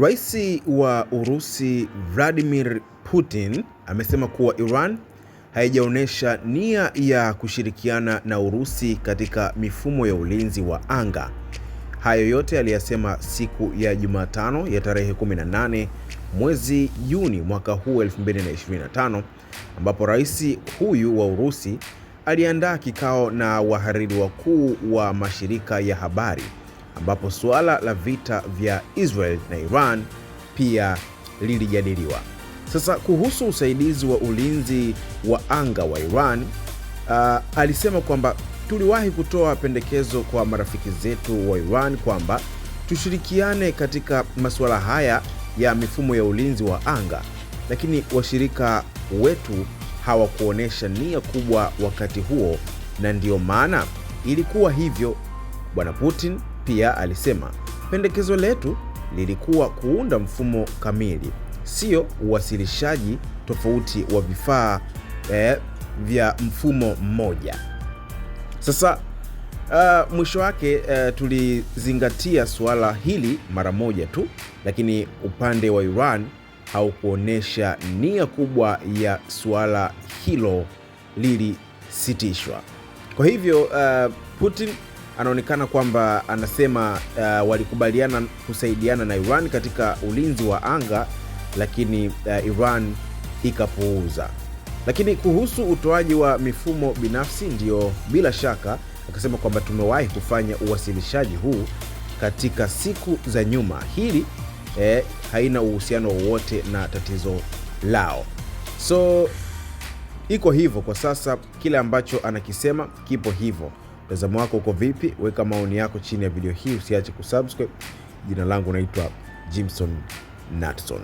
Rais wa Urusi Vladimir Putin amesema kuwa Iran haijaonyesha nia ya kushirikiana na Urusi katika mifumo ya ulinzi wa anga. Hayo yote aliyasema siku ya Jumatano ya tarehe 18 mwezi Juni mwaka huu 2025, ambapo rais huyu wa Urusi aliandaa kikao na wahariri wakuu wa mashirika ya habari ambapo suala la vita vya Israel na Iran pia lilijadiliwa. Sasa kuhusu usaidizi wa ulinzi wa anga wa Iran, uh, alisema kwamba tuliwahi kutoa pendekezo kwa marafiki zetu wa Iran kwamba tushirikiane katika masuala haya ya mifumo ya ulinzi wa anga, lakini washirika wetu hawakuonyesha nia kubwa wakati huo, na ndiyo maana ilikuwa hivyo. Bwana Putin pia alisema pendekezo letu lilikuwa kuunda mfumo kamili, sio uwasilishaji tofauti wa vifaa eh, vya mfumo mmoja. Sasa uh, mwisho wake uh, tulizingatia suala hili mara moja tu, lakini upande wa Iran haukuonyesha nia kubwa ya suala hilo lilisitishwa. Kwa hivyo uh, Putin anaonekana kwamba anasema uh, walikubaliana kusaidiana na Iran katika ulinzi wa anga, lakini uh, Iran ikapuuza. Lakini kuhusu utoaji wa mifumo binafsi, ndio bila shaka akasema kwamba tumewahi kufanya uwasilishaji huu katika siku za nyuma. Hili eh, haina uhusiano wowote na tatizo lao. So iko hivyo kwa sasa, kile ambacho anakisema kipo hivyo. Mtazamo wako uko vipi? Weka maoni yako chini ya video hii, usiache kusubscribe. Jina langu naitwa Jimson Natson.